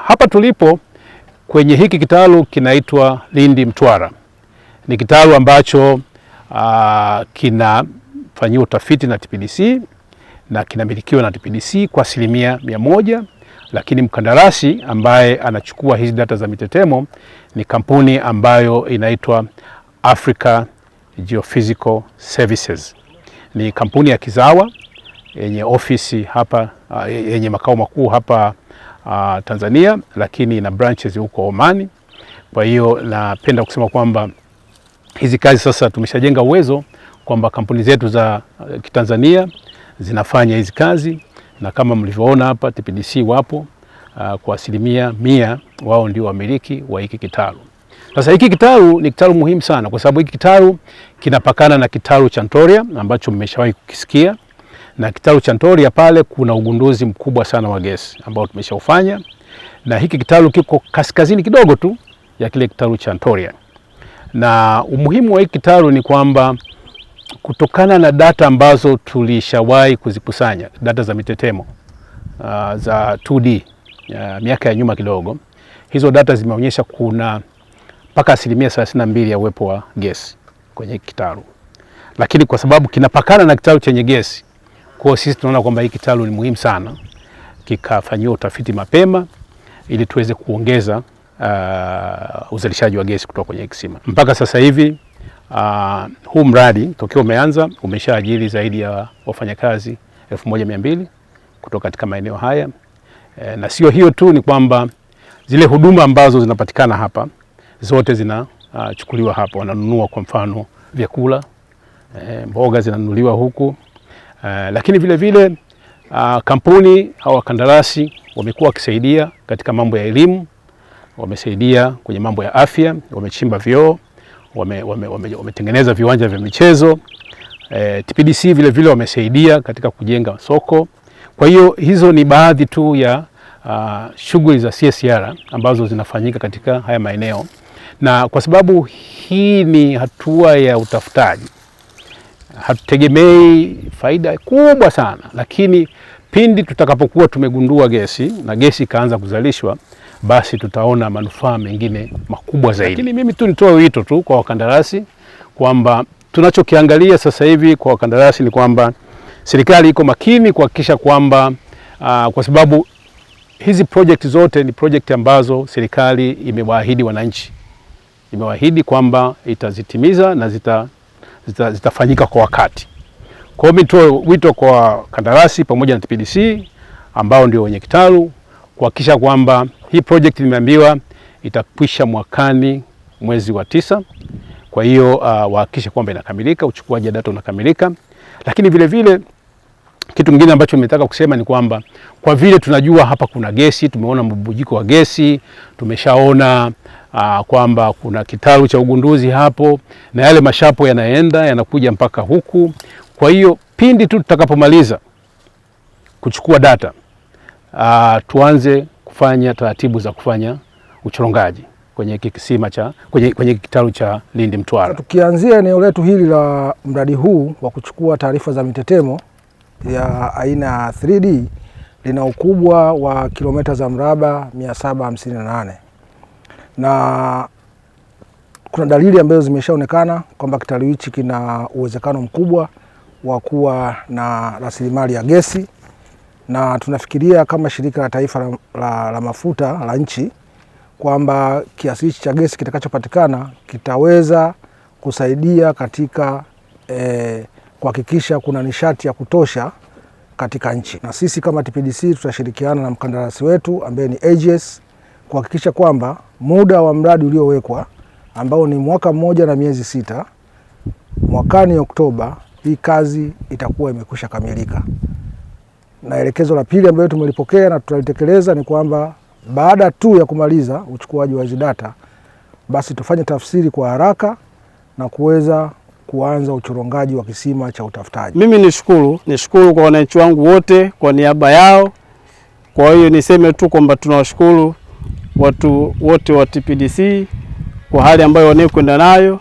Hapa tulipo kwenye hiki kitalu kinaitwa Lindi Mtwara. Ni kitalu ambacho ah, kinafanyiwa utafiti na TPDC na kinamilikiwa na TPDC kwa asilimia mia moja, lakini mkandarasi ambaye anachukua hizi data za mitetemo ni kampuni ambayo inaitwa Africa Geophysical Services. Ni kampuni ya kizawa yenye ofisi hapa, ah, yenye makao makuu hapa uh, Tanzania, lakini na branches huko Omani. Kwa hiyo napenda kusema kwamba hizi kazi sasa tumeshajenga uwezo kwamba kampuni zetu za uh, kitanzania zinafanya hizi kazi, na kama mlivyoona hapa TPDC wapo uh, kwa asilimia mia, wao ndio wamiliki wa hiki kitalu. Sasa hiki kitalu ni kitalu muhimu sana, kwa sababu hiki kitalu kinapakana na kitalu cha Ntoria ambacho mmeshawahi kukisikia na kitalu cha Ntoria pale kuna ugunduzi mkubwa sana wa gesi ambao tumeshaufanya, na hiki kitalu kiko kaskazini kidogo tu ya kile kitalu cha Ntoria. Na umuhimu wa hiki kitalu ni kwamba kutokana na data ambazo tulishawahi kuzikusanya, data za mitetemo uh, za 2D uh, miaka ya nyuma kidogo, hizo data zimeonyesha kuna mpaka asilimia 32 ya uwepo wa gesi kwenye kitalu, lakini kwa sababu kinapakana na kitalu chenye gesi kwa hiyo sisi tunaona kwamba hii kitalu ni muhimu sana kikafanyiwa utafiti mapema ili tuweze kuongeza uh, uzalishaji wa gesi kutoka kwenye kisima. Mpaka sasa hivi uh, huu mradi tokio umeanza umeshaajiri zaidi ya wafanyakazi elfu moja mia mbili kutoka katika maeneo haya e, na sio hiyo tu, ni kwamba zile huduma ambazo zinapatikana hapa zote zinachukuliwa uh, hapa, wananunua kwa mfano vyakula e, mboga zinanunuliwa huku. Eh, lakini vile vile uh, kampuni au wakandarasi wamekuwa wakisaidia katika mambo ya elimu, wamesaidia kwenye mambo ya afya, wamechimba vyoo, wametengeneza wame, wame, wame viwanja vya michezo e, eh, TPDC vile vile wamesaidia katika kujenga soko. Kwa hiyo hizo ni baadhi tu ya uh, shughuli za CSR ambazo zinafanyika katika haya maeneo, na kwa sababu hii ni hatua ya utafutaji hatutegemei faida kubwa sana, lakini pindi tutakapokuwa tumegundua gesi na gesi ikaanza kuzalishwa, basi tutaona manufaa mengine makubwa zaidi. Lakini mimi tu nitoe wito tu kwa wakandarasi kwamba tunachokiangalia sasa hivi kwa wakandarasi ni kwamba serikali iko makini kuhakikisha kwamba uh, kwa sababu hizi project zote ni project ambazo serikali imewaahidi wananchi, imewaahidi kwamba itazitimiza na zita zita, zitafanyika kwa wakati. Kwa hiyo mitoe wito kwa kandarasi pamoja na TPDC ambao ndio wenye kitalu kuhakikisha kwamba hii project nimeambiwa itakwisha mwakani mwezi wa tisa. Kwa hiyo uh, wahakikishe kwamba inakamilika, uchukuaji data unakamilika, lakini vile vile kitu kingine ambacho nimetaka kusema ni kwamba kwa vile tunajua hapa kuna gesi, tumeona mbubujiko wa gesi, tumeshaona Ah, kwamba kuna kitalu cha ugunduzi hapo na yale mashapo yanaenda yanakuja mpaka huku. Kwa hiyo pindi tu tutakapomaliza kuchukua data aa, ah, tuanze kufanya taratibu za kufanya uchorongaji kwenye kisima cha kwenye, kwenye kitalu cha Lindi Mtwara. Tukianzia eneo letu hili la mradi huu wa kuchukua taarifa za mitetemo ya aina ya 3D lina ukubwa wa kilomita za mraba 758 na kuna dalili ambazo zimeshaonekana kwamba kitalu hichi kina uwezekano mkubwa wa kuwa na rasilimali ya gesi, na tunafikiria kama shirika la taifa la, la, la mafuta la nchi kwamba kiasi hichi cha gesi kitakachopatikana kitaweza kusaidia katika eh, kuhakikisha kuna nishati ya kutosha katika nchi, na sisi kama TPDC tutashirikiana na mkandarasi wetu ambaye ni AGS kuhakikisha kwamba muda wa mradi uliowekwa ambao ni mwaka mmoja na miezi sita, mwakani Oktoba hii kazi itakuwa imekwisha kamilika. Na elekezo la pili ambayo tumelipokea na tutalitekeleza ni kwamba baada tu ya kumaliza uchukuaji wa hizi data, basi tufanye tafsiri kwa haraka na kuweza kuanza uchorongaji wa kisima cha utafutaji. Mimi nishukuru nishukuru kwa wananchi wangu wote kwa niaba yao. Kwa hiyo niseme tu kwamba tunawashukuru watu wote wa TPDC kwa hali ambayo wanayokwenda nayo,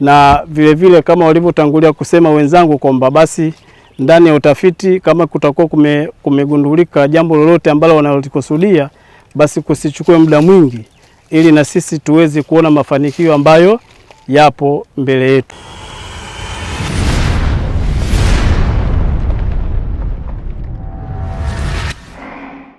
na vilevile vile kama walivyotangulia kusema wenzangu kwamba basi ndani ya utafiti kama kutakuwa kume, kumegundulika jambo lolote ambalo wanalikusudia basi kusichukue muda mwingi, ili na sisi tuweze kuona mafanikio ambayo yapo mbele yetu.